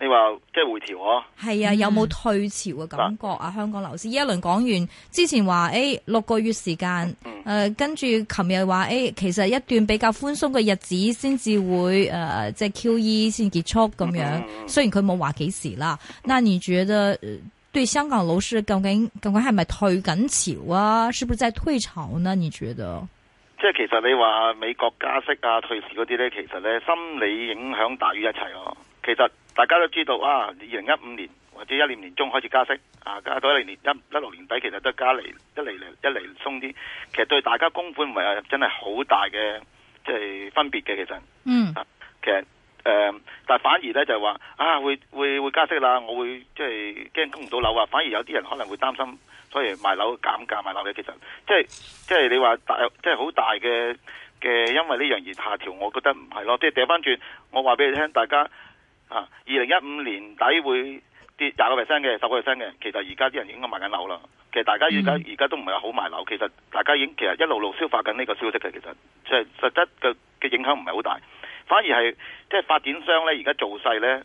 你話即係回調嗬、啊？係啊，有冇退潮嘅感覺啊？香港樓市呢一輪講完之前話誒六個月時間，誒跟住琴日話誒其實一段比較寬鬆嘅日子先至會誒即係 QE 先結束咁樣、嗯。雖然佢冇話幾時啦。那你覺得對香港樓市究竟、究竟係咪退緊潮啊？是不是在退潮呢？你覺得？即係其實你話美國加息啊、退市嗰啲咧，其實咧心理影響大於一切咯、啊。其實大家都知道啊，二零一五年或者一年年中開始加息，啊加到一零年一一六年底，其實都加嚟一嚟一嚟鬆啲。其實對大家供款唔係真係好大嘅，即係分別嘅。其實，嗯，啊、其實誒、呃，但係反而咧就係話啊，會會會加息啦，我會即係驚供唔到樓啊。反而有啲人可能會擔心，所以賣樓減價賣樓嘅。其實即係即係你話大即係好大嘅嘅，因為呢樣而下調，我覺得唔係咯。即係掉返轉，我話俾你聽，大家。啊！二零一五年底會跌廿個 percent 嘅，十個 percent 嘅。其實而家啲人已經賣緊樓啦。其實大家而家而家都唔係好賣樓。其實大家已經其實一路路消化緊呢個消息嘅。其實即係實質嘅嘅影響唔係好大，反而係即係發展商咧而家造勢咧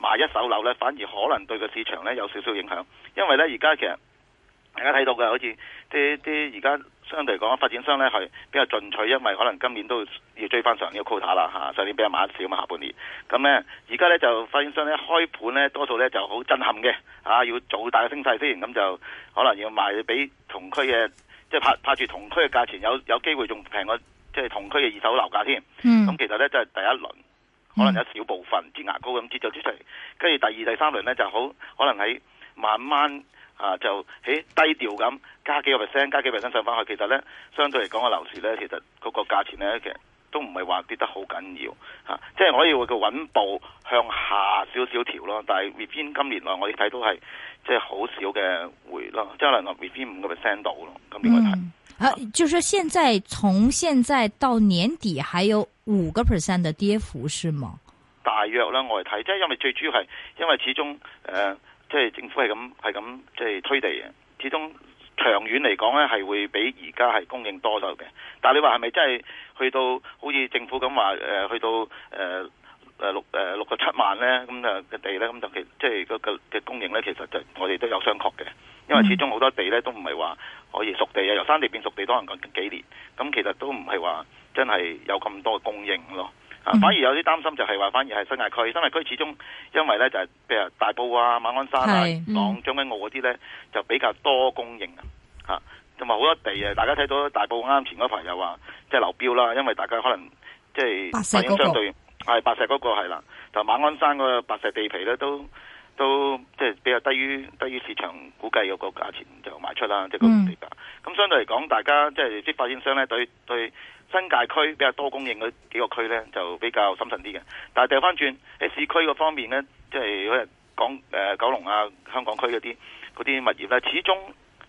賣一手樓咧，反而可能對個市場咧有少少影響。因為咧而家其實大家睇到嘅好似啲啲而家。相對嚟講，發展商咧係比較進取，因為可能今年都要追翻上年嘅 quota 啦嚇，上年比較慢少嘛，下半年。咁、啊、咧，而家咧就發展商咧開盤咧，多數咧就好震撼嘅，啊，要做大嘅升勢，雖然咁就可能要賣俾同區嘅，即、就、係、是、拍拍住同區嘅價錢，有有機會仲平過即係、就是、同區嘅二手樓價添。咁、mm. 其實咧，即、就、係、是、第一輪，可能有少部分擠牙膏咁擠咗出嚟，跟、mm. 住第二、第三輪咧就好，可能喺慢慢。啊，就喺、哎、低調咁加幾個 percent，加幾個 percent 上翻去，其實咧相對嚟講個樓市咧，其實嗰個價錢咧，其實都唔係話跌得好緊要吓、啊，即係可以話佢穩步向下少少調咯。但係 V P 今年內我哋睇到係即係好少嘅回落咯，即係可能 V P 五個 percent 到咯，咁點解？啊，就是現在從現在到年底還有五個 percent 嘅跌幅是嗎？大約咧，我哋睇，即係因為最主要係因為始終誒。呃即係政府係咁係咁，即係推地嘅。始終長遠嚟講咧，係會比而家係供應多咗嘅。但係你話係咪真係去到好似政府咁話誒，去到誒誒六誒六十七萬咧，咁誒嘅地咧，咁就其即係個嘅供應咧，其實就我哋都有商榷嘅。因為始終好多地咧都唔係話可以熟地嘅，由生地變熟地都能講幾年。咁其實都唔係話真係有咁多供應咯。反而有啲擔心就係話，反而係新界區，新界區始終因為咧就係譬如大埔啊、馬鞍山啊、朗、嗯、將軍澳嗰啲咧就比較多供應啊，同埋好多地啊，大家睇到大埔啱前嗰排又話即係流標啦，因為大家可能即係賣相對係白石嗰個係啦，就係、馬鞍山個白石地皮咧都都即係比較低於低於市場估計個個價錢就賣出啦，即係個地價。咁相對嚟講，大家即係即發展商咧對對。對。新界區比較多供應嗰幾個區咧，就比較謹慎啲嘅。但係掉翻轉市區嗰方面呢，即係日講誒九龍啊、香港區嗰啲嗰啲物業呢，始終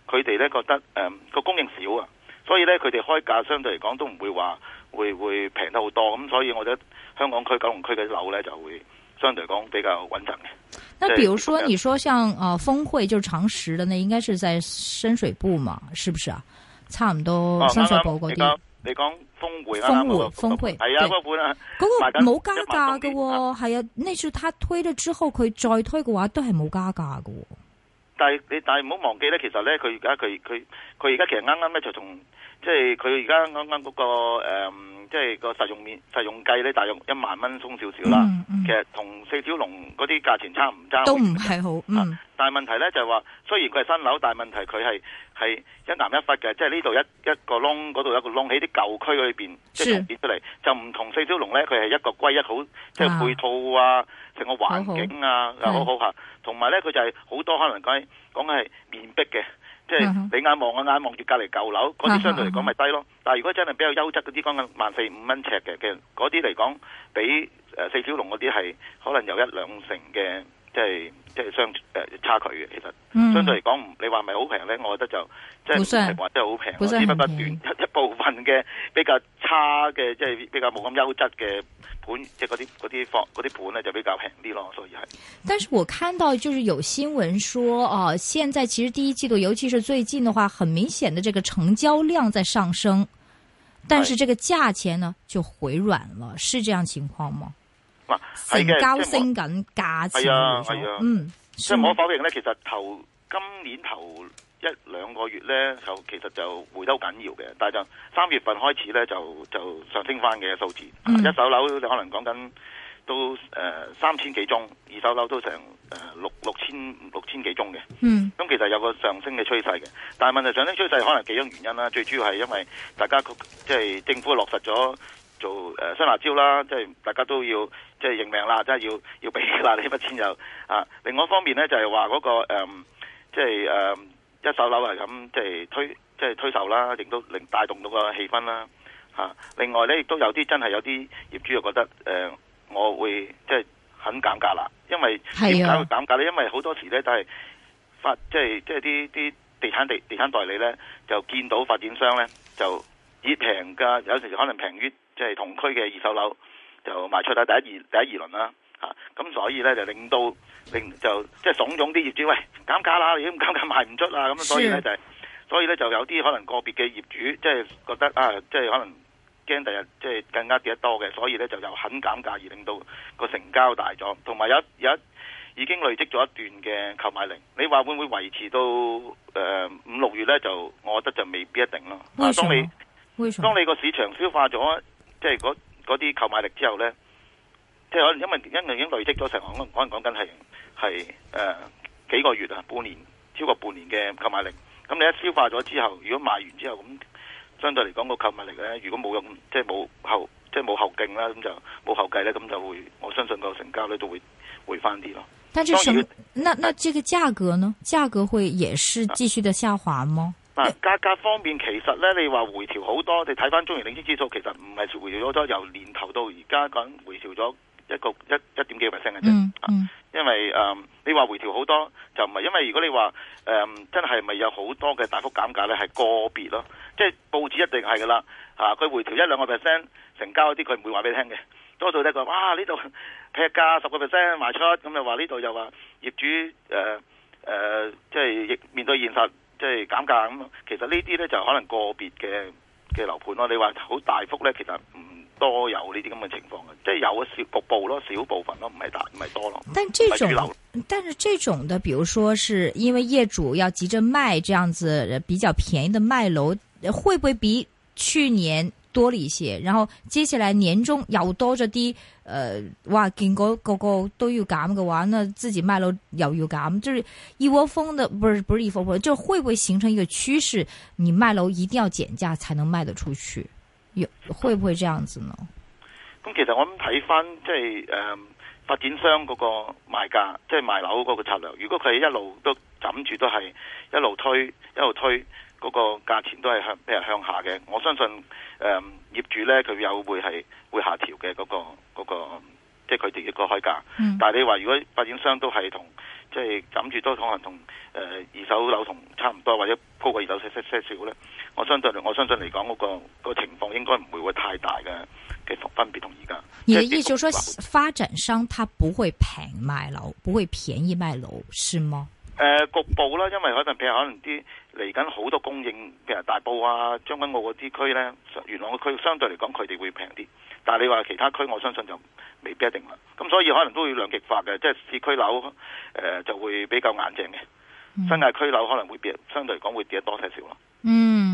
佢哋呢覺得誒個、呃、供應少啊，所以呢，佢哋開價相對嚟講都唔會話會會平得好多。咁所以我覺得香港區、九龍區嘅樓呢，就會相對嚟講比較穩陣嘅。那譬如說，你說像啊，峯、嗯呃、會就長實的，那應該是在深水埗嘛，是不是啊？差唔多。啊，先生，你你講峰會啦，峰會係啊，嗰、那個那個那個、本啊，嗰個冇加價嘅、哦，係啊，呢次他推咗之後，佢再推嘅話都係冇加價嘅、哦。但係你但係唔好忘記咧，其實咧，佢而家佢佢佢而家其實啱啱咧就同即係佢而家啱啱嗰個誒。嗯即係個實用面、實用計咧，大約一萬蚊鬆少少啦、嗯嗯。其實同四小龍嗰啲價錢差唔差，都唔係好，嗯啊、但係問題咧就係話，雖然佢係新樓，但係問題佢係係一南一北嘅，即係呢度一一個窿嗰度一個窿，喺啲舊區裏邊即係突顯出嚟，就唔、是、同四小龍咧，佢係一個歸一好，即、就、係、是、配套啊，成、啊、個環境啊又好好嚇，同埋咧佢就係好多可能講係講係面壁嘅。即係你眼望我眼望住隔離舊樓，嗰啲相對嚟講咪低咯。但係如果真係比較優質嗰啲，講緊萬四五蚊尺嘅，其實嗰啲嚟講，比誒四小龍嗰啲係可能有一兩成嘅。即係即係相誒、呃、差距嘅，其實、嗯、相對嚟講，你話咪好平咧？我覺得就即係唔係話真係好平，只不不斷一一部分嘅比較差嘅，即係比較冇咁優質嘅盤，即係啲啲房啲盤咧就比較平啲咯。所以係。但是我看到就是有新聞說，哦、呃，現在其實第一季度，尤其是最近的話，很明顯的這個成交量在上升，是但是這個價錢呢就回軟了，是這樣情況嗎？嗱、啊，成交升緊，價錢冇錯。嗯，唔可否認咧，其實頭今年頭一兩個月咧，就其實就回得好緊要嘅，但係就三月份開始咧，就就上升翻嘅數字、嗯。一手樓你可能講緊都誒三千幾宗，二手樓都成誒六六千六千幾宗嘅。嗯，咁其實有個上升嘅趨勢嘅，但係問題上升趨勢可能幾種原因啦，最主要係因為大家即係、就是、政府落實咗。做誒、呃、雙辣招啦，即係大家都要即係認命啦，即係要要俾啦呢筆錢又。啊。另外一方面咧，就係話嗰個、呃、即係誒、呃、一手樓係咁，即係推即係推售啦，亦都令帶動到個氣氛啦嚇、啊。另外咧，亦都有啲真係有啲業主就覺得誒、呃，我會即係很減價啦，因為點解會減價咧？因為好多時咧都係發即係即係啲啲地產地地產代理咧就見到發展商咧就以平價，有時可能平於。即、就、係、是、同區嘅二手樓就賣出啦，第一二第一二輪啦吓咁、啊、所以咧就令到令就即係慫恿啲業主喂減價啦，已經減價賣唔出啦，咁所以咧就係、是，所以咧就有啲可能個別嘅業主即係、就是、覺得啊，即、就、係、是、可能驚第日即係、就是、更加跌得多嘅，所以咧就又肯減價而令到個成交大咗，同埋有有一，有一已經累積咗一段嘅購買力。你話會唔會維持到誒五六月咧？就我覺得就未必一定咯、啊。當你當你個市場消化咗。即係嗰啲購買力之後咧，即係可能因為因為已經累積咗成，可能可能講緊係係誒幾個月啊，半年超過半年嘅購買力。咁你一消化咗之後，如果賣完之後咁，相對嚟講個購買力咧，如果冇用，即係冇後即係冇後勁啦，咁就冇後繼咧，咁就會我相信個成交咧都會回翻啲咯。但是什麼？那那這個價格呢？價格會也是繼續的下滑嗎？啊嗱、啊，價格方面其實咧，你話回調好多，你睇翻中原領先指數，其實唔係回調咗多，由年頭到而家講回調咗一個一一點幾 percent 嘅啫。嗯，嗯、啊、因為誒、嗯，你話回調好多就唔係，因為如果你話誒、嗯、真係咪有好多嘅大幅減價咧，係個別咯，即係報紙一定係噶啦嚇。佢、啊、回調一兩個 percent 成交嗰啲，佢唔會話俾你聽嘅。多數都係佢話：哇，呢度劈價十個 percent 賣出，咁又話呢度又話業主誒誒、呃呃，即係面對現實。即係減價咁，其實呢啲咧就可能個別嘅嘅樓盤咯。你話好大幅咧，其實唔多有呢啲咁嘅情況嘅，即係有少局部咯，少部分咯，唔係大唔係多咯。但呢種，但係呢種嘅，比如說，係因為業主要急着賣，這樣子比較便宜的賣樓，會唔會比去年？多了一些，然後接下來年終又多咗啲，誒、呃，哇！見嗰個個都要減嘅話，呢自己賣樓又要減，即係一窩蜂的，不是不是一窩蜂，就會不會形成一個趨勢？你賣樓一定要減價才能賣得出去，有會不會這樣子呢？咁其實我諗睇翻即係誒、呃，發展商嗰個賣價，即係賣樓嗰個策略，如果佢一路都枕住都係一路推，一路推。嗰、那個價錢都係向譬如向下嘅，我相信誒、呃、業主咧佢有會係會下調嘅嗰個、那個、即係佢哋一個開價、嗯。但係你話如果發展商都係同即係諗住都可能同誒、呃、二手樓同差唔多，或者高過二手樓少少咧，我相信我相信嚟講嗰個情況應該唔會會太大嘅嘅分別同而家。你的意思就係說發展商他不會平賣樓，不會便宜賣樓，是嗎？誒、呃，局部啦，因為可能譬如可能啲。嚟緊好多供應譬如大埔啊，將軍澳嗰啲區呢，元朗嘅區相對嚟講佢哋會平啲，但係你話其他區，我相信就未必一定啦。咁所以可能都會兩極化嘅，即係市區樓誒就會比較硬淨嘅，新界區樓可能會比，相對嚟講會跌得多些少咯。嗯。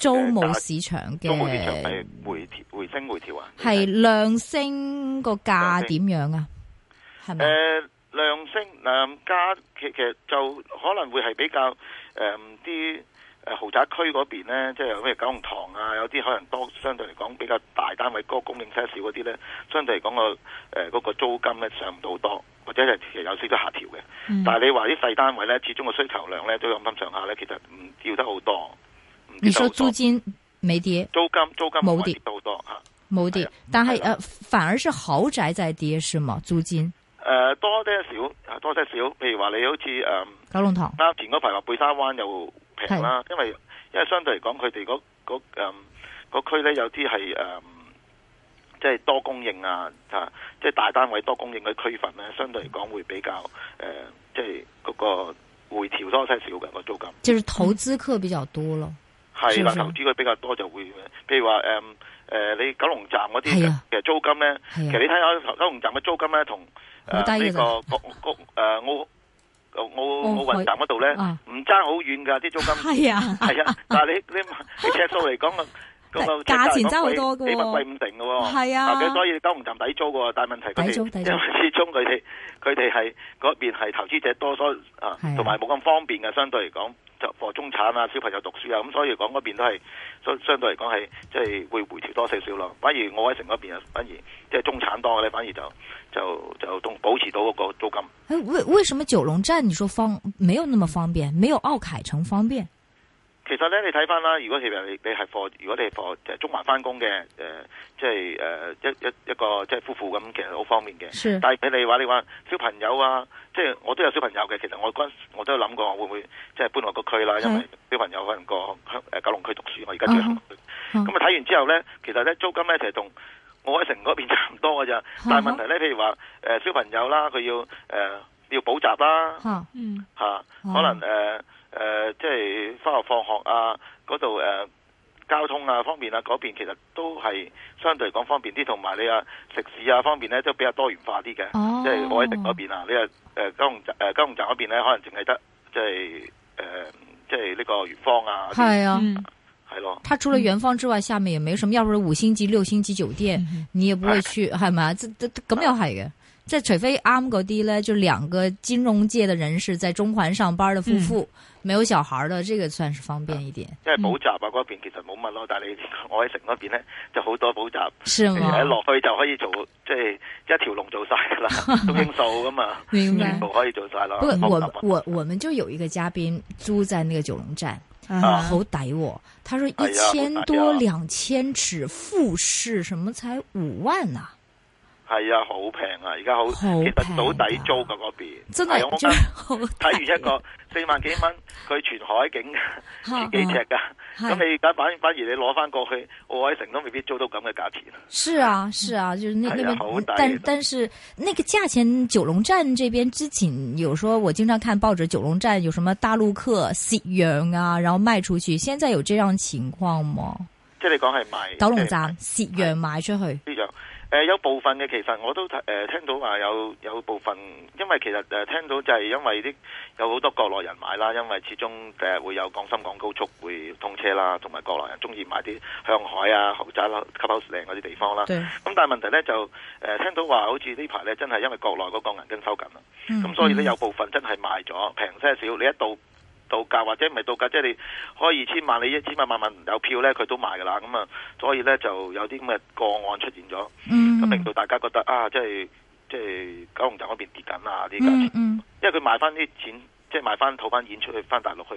租務市場嘅，租務市場係回調、回升、回調、回調啊？係量升個價點樣啊？係咪？誒，量升是是、呃、量升、呃、加其實就可能會係比較誒啲誒豪宅區嗰邊咧，即係咩九龍塘啊，有啲可能多相對嚟講比較大單位，嗰個供應車少嗰啲咧，相對嚟講個誒個租金咧上唔到多，或者係其實有少少下調嘅、嗯。但係你話啲細單位咧，始終個需求量咧都有咁上下咧，其實唔調得好多。你說租金未跌，租金租金冇跌多吓，冇跌，但係誒、嗯，反而是豪宅在跌，是嗎？租金誒多啲少，多些少，譬如話你好似誒九龍塘，啱、呃、前嗰排話貝沙灣又平啦，因為因為相對嚟講，佢哋嗰誒區咧有啲係誒即係多供應啊，吓即係大單位多供應嘅區份咧，相對嚟講會比較誒即係嗰個回調多些少嘅個租金。就是投資客比較多咯。係啦、嗯、投資佢比較多就會，譬如話誒誒，你九龍站嗰啲嘅租金咧、啊啊，其實你睇下九龍站嘅租金咧，同呢、啊呃啊這個個個誒，奧奧奧運站嗰度咧，唔爭好遠噶啲租金，係啊係啊，啊，但係你你你呎數嚟講個個價錢爭好多噶，起碼貴五成噶，係啊，所以九龍站抵租噶，但係問題佢因為始終佢哋佢哋係嗰邊係投資者多所啊，同埋冇咁方便嘅相對嚟講。就貨中產啊，小朋友讀書啊，咁所以講嗰邊都係相相對嚟講係即係會回調多少少咯。反而奧凱城嗰邊啊，反而即係中產多嘅咧，反而就反而就就都保持到嗰個租金。誒、哎，為為什麼九龍站？你說方沒有那麼方便，沒有奧凱城方便。其實咧，你睇翻啦，如果譬如你是你係貨，如果你係貨即係中環翻工嘅，誒、呃，即係誒、呃、一一一個即係夫婦咁，其實好方便嘅。但係你話你話小朋友啊，即係我都有小朋友嘅。其實我我都有諗過我會唔會即係搬落個區啦，因為小朋友可、那、能個誒、呃、九龍區讀書，我而家住喺。咁啊睇完之後咧，其實咧租金咧其實同我喺城嗰邊差唔多嘅咋。但、uh-huh. 係問題咧，譬如話誒、呃、小朋友啦，佢要誒、呃、要補習啦，吓、uh-huh.，uh-huh. 可能誒。呃誒、呃，即係翻學放學啊，嗰度誒交通啊方面啊，嗰邊其實都係相對嚟講方便啲，同埋你啊食肆啊方面咧都比較多元化啲嘅。哦，即係我迪嗰邊啊，你啊誒、呃、九龍誒、呃、九龍站嗰邊咧，可能淨係得即係誒、呃、即係呢個圓方啊。係啊，係、嗯、咯。它除了圓方之外，下面也沒什麼，嗯、要不是五星級，六星級酒店、嗯，你也不會去，係咪啊？咁又係嘅。這除非啱嗰啲就兩個金融界的人士在中環上班的夫婦、嗯，沒有小孩的，這個算是方便一點。嗯、因為補習啊，嗰邊其實冇乜咯，但你我喺城嗰邊咧就好多補習，係落、欸、去就可以做，即、就、係、是、一條龍做晒噶啦，都傾數㗎嘛 全部可以做晒咯。不，過不過我不過我不過我，我，我們就有一個嘉賓租在那個九龍站，啊，好抵喔！他說一千多兩千尺複式、哎、什麼才五萬啊！係啊，好平啊！而家好，其實好抵租嘅嗰邊。真係啊，我跟睇完一個四萬幾蚊，佢 全海景， 幾尺噶。咁、啊啊、你而家反反而你攞翻過去，奧海城都未必租到咁嘅價錢。是啊，是啊，就是那個、啊啊，但但是那個價錢，九龍站這邊之前有說，我經常看報紙，九龍站有什麼大陸客蝕讓啊，然後賣出去。現在有這樣情況麼？即、就、係、是、你講係賣九龍站蝕讓賣出去。誒、呃，有部分嘅，其實我都睇，誒、呃、聽到話有有部分，因為其實誒、呃、聽到就係因為啲有好多國內人買啦，因為始終誒、呃、會有港深港高速會通車啦，同埋國內人中意買啲向海啊豪宅啦 c o u p e 嗰啲地方啦。咁、嗯、但係問題呢就誒、呃、聽到話好似呢排呢，真係因為國內嗰個銀根收緊啦，咁、嗯、所以呢，有部分真係賣咗平些少。你一到到價或者唔係到價，即係你開二千萬，你一千萬萬萬有票咧，佢都賣㗎啦。咁啊，所以咧就有啲咁嘅個案出現咗，令、嗯、到大家覺得啊，即係即係九龍站嗰邊跌緊啊啲價，因為佢賣翻啲錢，即係賣翻套翻演出去翻大陸去，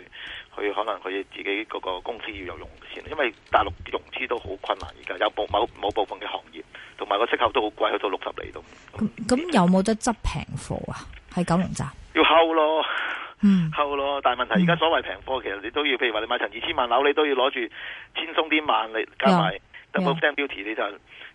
佢可能佢自己嗰個公司要有用先，因為大陸融資都好困難而家，有部某，某某部分嘅行業同埋個息口都好貴，去到六十厘度。咁、嗯嗯、有冇得執平貨啊？喺九龍站要睺咯。嗯，厚咯，但係問題而家所謂平貨，其實你都要，譬如話你買層二千萬樓，你都要攞住千鬆啲萬，你加埋 double stamp duty，你就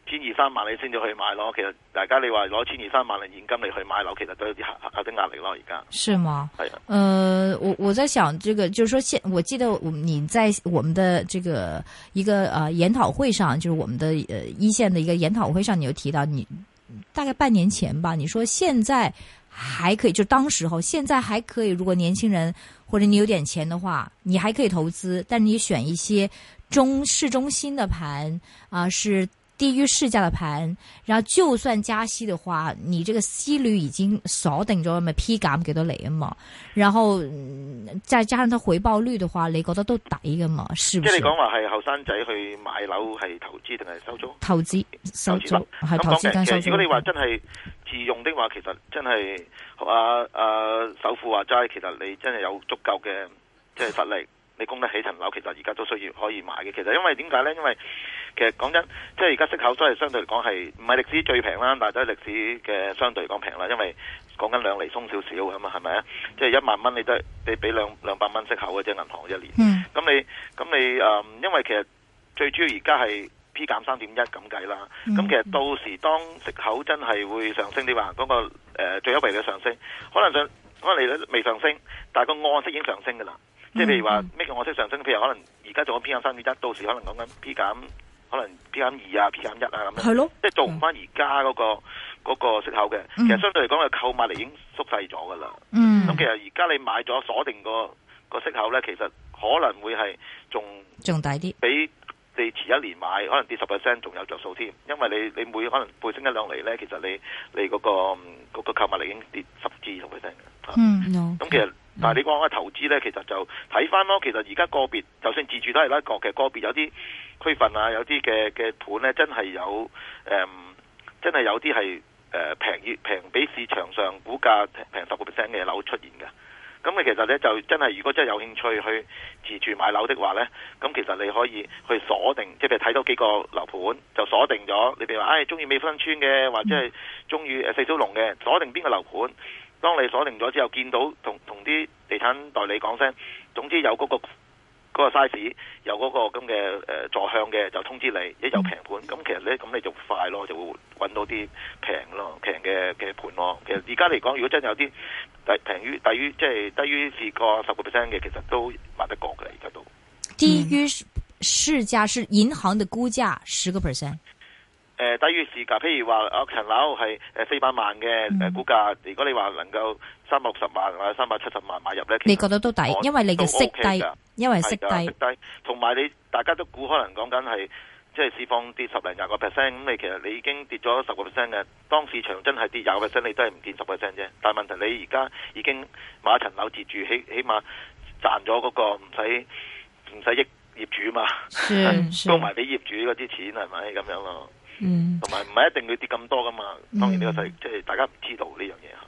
千二三萬你先至去買咯。其實大家你話攞千二三萬嚟現金嚟去買樓，其實都有啲壓有啲壓力咯。而家是嗎？係啊，誒、呃，我我在想，這個就是說現，現我記得我你在我們的這個一個啊、呃、研討會上，就是我們的呃一線的一個研討會上，你有提到你大概半年前吧，你說現在。還可以，就當時候現在還可以。如果年輕人或者你有點錢的話，你還可以投資，但你選一些中市中心的盤啊，是低於市價的盤。然後就算加息的話，你這個息率已經鎖定咗，咪批減幾多鐳嘛？然後再加上它回報率的話，你覺得都抵㗎嘛？是不是？即是你講話係後生仔去買樓係投資定係收租？投資收租係投資加收租。收租如果你話真係。自用的話，其實真係啊啊首富話齋，其實你真係有足夠嘅即係實力，你供得起層樓。其實而家都需要可以買嘅。其實因為點解呢？因為其實講真，即係而家息口都係相對嚟講係唔係歷史最平啦，但係都係歷史嘅相對嚟講平啦。因為講緊兩厘鬆少少咁嘛，係咪啊？即係一萬蚊你都係你俾兩,兩百蚊息口嘅啫，銀行一年。嗯，咁你咁你誒，嗯，因為其實最主要而家係。P 減三點一咁計啦，咁、嗯、其實到時當息口真係會上升嘅話，嗰、嗰個、呃、最優惠嘅上升，可能你可能未上升，但個按息已經上升㗎啦、嗯。即係譬如話咩叫按息上升，譬如可能而家做緊 P 減三點一，到時可能講緊 P 減可能 P 減二啊，P 減一啊咁樣。係咯、嗯，即係做唔翻而家嗰個嗰、嗰個息口嘅、嗯。其實相對嚟講，嘅購買力已經縮細咗㗎啦。嗯，咁其實而家你買咗鎖定、嗰個、嗰個息口咧，其實可能會係仲仲大啲。比你遲一年買，可能跌十個 percent，仲有着數添，因為你你每可能倍升一兩釐咧，其實你你嗰、嗰個嗰、嗰個購物力已經跌十至二十 percent。嗯、咁、啊 no, 其實，okay. 但係你講開投資咧，其實就睇翻咯。其實而家個別，就算自住都係啦，個嘅，個別有啲區份啊，有啲嘅嘅盤咧，真係有誒、嗯，真係有啲係誒平平比市場上估價平十個 percent 嘅樓出現嘅。咁你其實咧就真係，如果真係有興趣去自住買樓的話呢，咁其實你可以去鎖定，即係睇到幾個樓盤，就鎖定咗。你譬如話，唉、哎，中意美分村美孚新村嘅，或者係中意四小龍嘅，鎖定邊個樓盤。當你鎖定咗之後，見到同同啲地產代理講聲，總之有嗰、嗰個嗰個 size，有嗰個咁嘅、呃、座坐向嘅，就通知你一有平盤。咁其實呢，咁你就快咯，就會揾到啲平咯，平嘅嘅盤咯。其實而家嚟講，如果真有啲，低平於低於即係低於市價十個 percent 嘅，其實都買得過嘅。而家都低於市價是銀行嘅估價，十個 percent。誒，低於市價，譬如話一層樓係四百萬嘅誒估價、嗯，如果你話能夠三百六十萬或者三百七十萬買入咧，你覺得都抵，因為你嘅息低、OK，因為息低，是息低，同埋你大家都估可能講緊係。即係市況跌十零廿個 percent，咁你其實你已經跌咗十個 percent 嘅。當市場真係跌廿個 percent，你都係唔見十個 percent 啫。但係問題你而家已經買層樓自住，起起碼賺咗嗰個唔使唔使益業主嘛，收埋俾業主嗰啲錢係咪咁樣咯？同埋唔係一定要跌咁多㗎嘛。當然呢個就係即係大家唔知道呢樣嘢。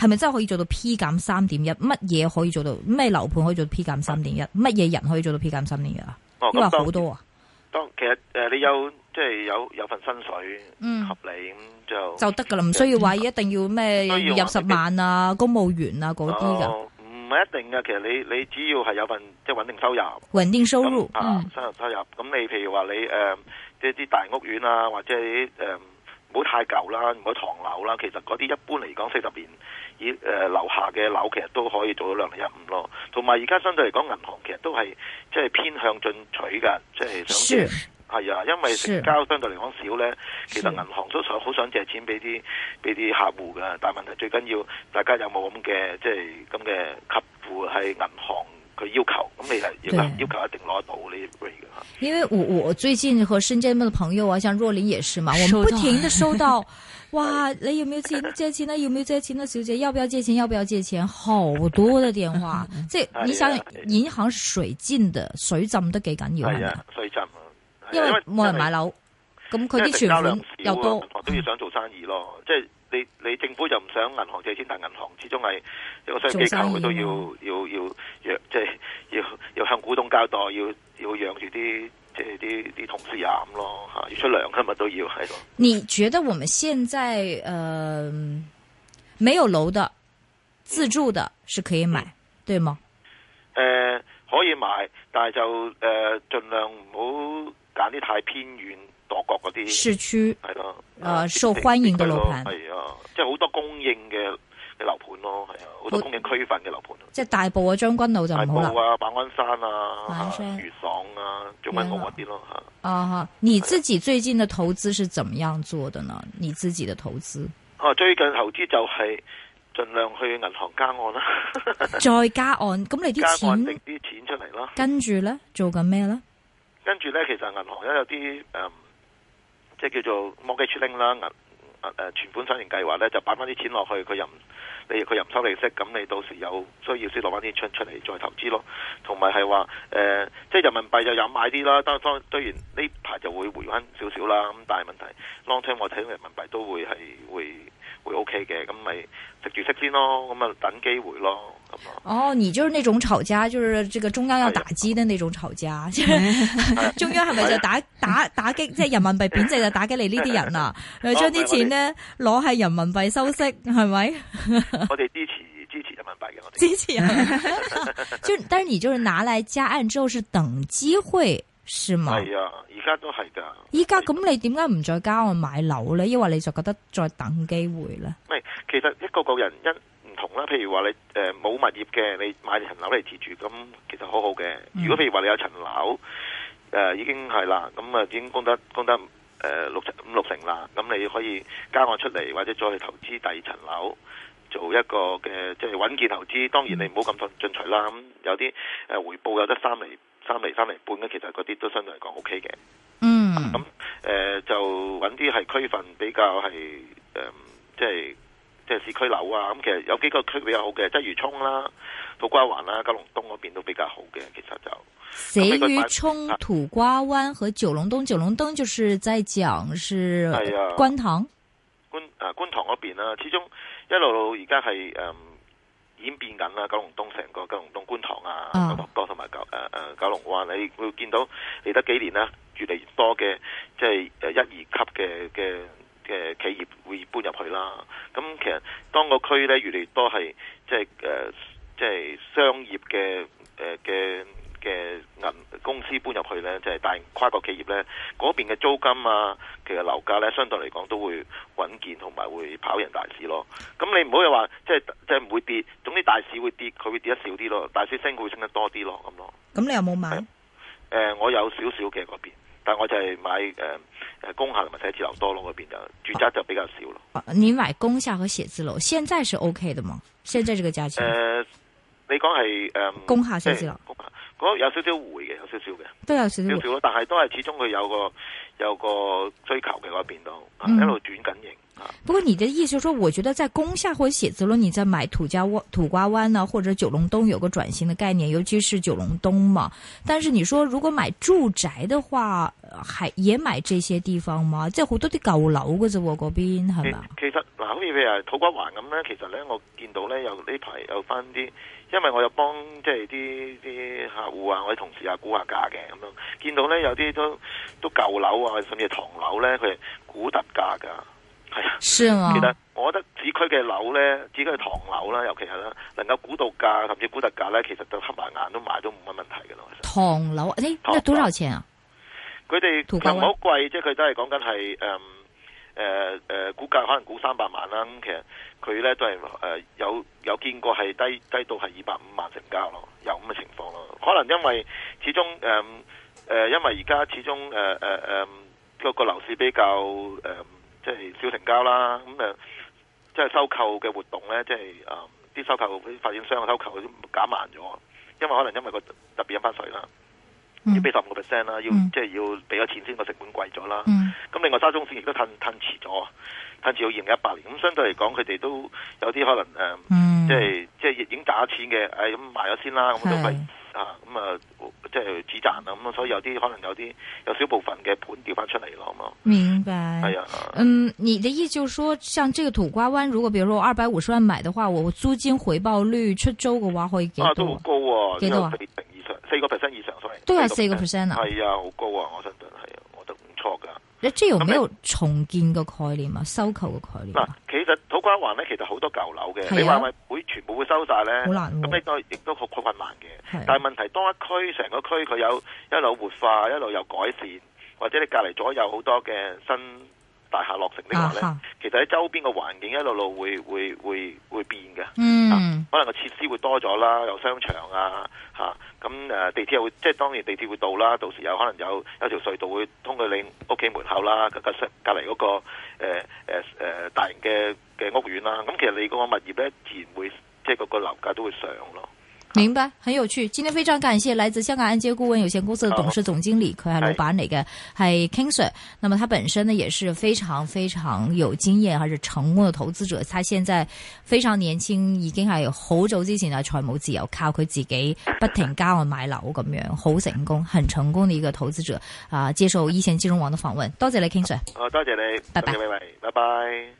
係咪真係可以做到 P 減三點一？乜嘢可以做到？咩樓盤可以做到 P 減三點一？乜嘢人可以做到 P 減三點一啊？因為好多啊？當，當其實誒、呃，你有即係有有份薪水、嗯、合理咁就就得噶啦，唔需要話一定要咩入十萬啊，公務員啊嗰啲嘅。唔係、哦、一定嘅，其實你你只要係有份即係穩定收入、穩定收入、嗯、收入啊，收入收入咁你譬如話你誒、呃，即係啲大屋苑啊，或者啲誒唔好太舊啦，唔好唐樓啦，其實嗰啲一般嚟講四十年。以誒樓、呃、下嘅樓其實都可以做到兩零一五咯，同埋而家相對嚟講銀行其實都係即係偏向進取嘅，即、就、係、是、想係啊、哎，因為成交相對嚟講少咧，其實銀行都想好想借錢俾啲俾啲客戶嘅，但問題最緊要大家有冇咁嘅即係咁嘅給付係銀行佢要求，咁你係要求一定攞得到呢啲 rate 因為我、嗯、我最近和身邊嘅朋友啊，像若琳也是嘛，我們不停地收到。 哇！你要唔要錢借錢？啊！ 要唔要借錢啊？小姐，要不要借錢？要不要借錢？好多嘅電話， 即係你想銀行水浸嘅水浸都幾緊要係啊，水浸啊， 因為冇人買樓，咁佢啲存款又多，都要想做生意咯。 即係你你政府又唔想銀行借錢，但係銀行始終係有個商業機構，佢都要要要若即係要要，要，要，要，要向股東交代，要要養住啲。啲啲同事染咯吓，要出糧，今咪都要。你覺得我們現在，嗯、呃，沒有樓的，自住的是可以買，嗯、對嗎？誒、呃，可以買，但係就誒，盡、呃、量唔好揀啲太偏遠、島角嗰啲市區係咯，誒、呃，受歡迎嘅樓盤係啊，即係好多供應嘅。嘅樓盤咯，係啊，好多咁嘅區份嘅樓盤。即係大埔啊，將軍澳就冇啊，馬鞍山啊，悅、啊、爽啊，做翻好啲咯吓。啊，你自己最近嘅投資是怎麼樣做的呢？你自己嘅投資、啊？最近投資就係盡量去銀行加按啦。再加按。咁你啲錢？定啲錢出嚟咯。跟住咧，做緊咩咧？跟住咧，其實銀行咧有啲誒、嗯，即係叫做 mortgage link 啦。誒存款三年計劃咧，就擺翻啲錢落去，佢又唔，例佢又唔收利息，咁你到時有需要先攞翻啲錢出嚟再投資咯，同埋係話誒，即係人民幣就有買啲啦，當然呢排就會回翻少少啦，咁但係問題，long term，我睇到人民幣都會係會。會 OK 嘅，咁咪食住息先咯，咁啊等機會咯，咁啊。哦，你就是那種炒家，就是這個中央要打擊的那種炒家。哎、 中央係咪就打、哎、打打，打擊即係、就是、人民幣貶值就打擊你呢啲人啊？又將啲錢呢攞喺、哎、人民幣收息，係咪？我哋支持支持人民幣嘅，我哋支持人民幣。就、哎， 但是你就是拿來加按之後，是等機會。係啊，而家都係噶依家咁，你點解唔再加按買樓呢？因為你就覺得再等機會呢。其實一個個人一唔同啦。譬如話你誒冇、呃、物業嘅，你買層樓嚟自住，咁其實好好嘅。如果譬如話你有層樓，誒、呃、已經係啦，咁啊已經供得供得誒、呃、六五六成啦，咁你可以加按出嚟，或者再去投資第二層樓，做一個嘅即係穩健投資。當然你唔好咁進進取啦，咁有啲誒回報有得三厘。三厘三厘半咧，其實嗰啲都相對嚟講 O K 嘅。嗯，咁、嗯、誒、呃、就揾啲係區份比較係誒、呃，即係即係市區樓啊。咁、嗯、其實有幾個區比較好嘅，鰂魚涌啦、土瓜灣啦、九龍東嗰邊都比較好嘅。其實就，死魚涌、土瓜灣和九龍東，九龍東就是在講是，係啊，觀、啊、塘，觀啊觀塘嗰邊啦。始終一路到而家係誒。嗯已經變緊啦，九龍東成個九龍東觀塘啊，嗯、九多同埋九誒誒九龍灣，你會見到嚟得幾年啦，越嚟越多嘅即係誒一二級嘅嘅嘅企業會搬入去啦。咁其實當個區咧，越嚟越多係即係誒即係商業嘅誒嘅。呃嘅銀公司搬入去咧，就係、是、大型跨國企業咧，嗰邊嘅租金啊，其實樓價咧，相對嚟講都會穩健，同埋會跑贏大市咯。咁你唔好又話即係即係唔會跌，總之大市會跌，佢會跌得少啲咯，大市升佢會升得多啲咯，咁咯。咁你有冇買？誒、啊呃，我有少少嘅嗰邊，但係我就係買誒誒工廈同埋寫字樓多咯，嗰邊就住宅就比較少咯。啊、你買工廈和寫字樓，現在是 OK 嘅嘛？現在這個價錢？誒、呃，你講係誒工廈寫字樓。欸有少少回嘅，有少少嘅，都有少少少少，但係都係始終佢有個有個追求嘅嗰邊度，一路轉緊型。不過你的意思就說，我覺得在工廈或者寫字樓，你在買土家灣、土瓜灣啊，或者九龍東有個轉型的概念，尤其是九龍東嘛。但是你說如果買住宅的話，還也買這些地方嗎？即係好多啲舊樓嗰隻我嗰邊係嘛？其實嗱，好似譬如土瓜灣咁咧，其實呢我見到呢有呢排有翻啲，因為我有幫即係啲啲客戶啊，我啲同事啊估下價嘅咁樣，見到呢有啲都都舊樓啊，甚至係唐樓呢佢係估特價噶。係啊，其實我覺得市區嘅樓咧，市區嘅唐樓啦，尤其係啦，能夠估到價甚至估特價咧，其實就黑埋眼都買都冇乜問題嘅咯。唐樓誒，唐樓多少錢啊？佢哋其實唔好貴，即係佢都係講緊係誒誒誒，估價可能估三百萬啦。咁其實佢咧都係誒、呃、有有見過係低低到係二百五萬成交咯，有咁嘅情況咯。可能因為始終誒誒、呃呃，因為而家始終誒誒誒，呃呃呃這個樓市比較誒。呃即係少成交啦，咁即係收購嘅活動咧，即係啲收購啲發展商嘅收購都減慢咗，因為可能因為個特別印花稅啦，嗯、要俾十五個 percent 啦，嗯、要即係、就是、要俾咗錢先個成本貴咗啦。咁、嗯、另外沙中線亦都褪褪遲咗，褪遲到二零一八年。咁相對嚟講，佢哋都有啲可能即係即係已經打錢嘅，咁、哎、賣咗先啦，咁就啊，咁啊，即係止賺啊，咁所以有啲可能有啲有少部分嘅盤掉返出嚟咯，好冇？明白。係啊，嗯，嗯嗯嗯嗯嗯嗯嗯嗯你嘅意思就說，像這個土瓜灣，如果比如我二百五十萬買嘅話，我租金回報率出租嘅話會幾多？幾多啊，都好高、啊，都有四成以上，四個 percent 以上，都係四個 percent 啊？係啊，好、啊、高啊，我相信係，我覺得唔錯㗎。你仲有冇重建嘅概念啊？收購嘅概念，啊？嗱，其實土瓜灣咧，其實好多舊樓嘅，你話咪會會全部會收晒咧？好難，咁亦都亦都好困難嘅，啊。但係問題，當一區成個區佢有一路活化，一路有改善，或者你隔籬左右好多嘅新，大廈落成嘅話咧、啊，其實喺周邊嘅環境一路路路會會會會變嘅，嗯，啊、可能個設施會多咗啦，有商場啊，吓、啊，咁、啊、誒地鐵會即係當然地鐵會到啦，到時有可能有有條隧道會通過你屋企門口啦，隔隔隔籬嗰、那個誒誒誒大型嘅嘅屋苑啦，咁、啊、其實你嗰個物業咧自然會即係嗰個樓價都會上咯。明白，很有趣。今天非常感謝來自香港按揭顧問有限公司的董事總經理，佢係老闆嚟嘅，係 King Sir。那麼他本身呢也是非常非常有經驗，還是成功的投資者。他現在非常年輕，已經係好早之前就財務自由，靠佢自己不停加按買樓咁樣，好成功，很成功的一個投資者。啊，接受一線金融網的訪問，多謝你，King Sir。好多謝你，拜拜。拜拜。Bye bye。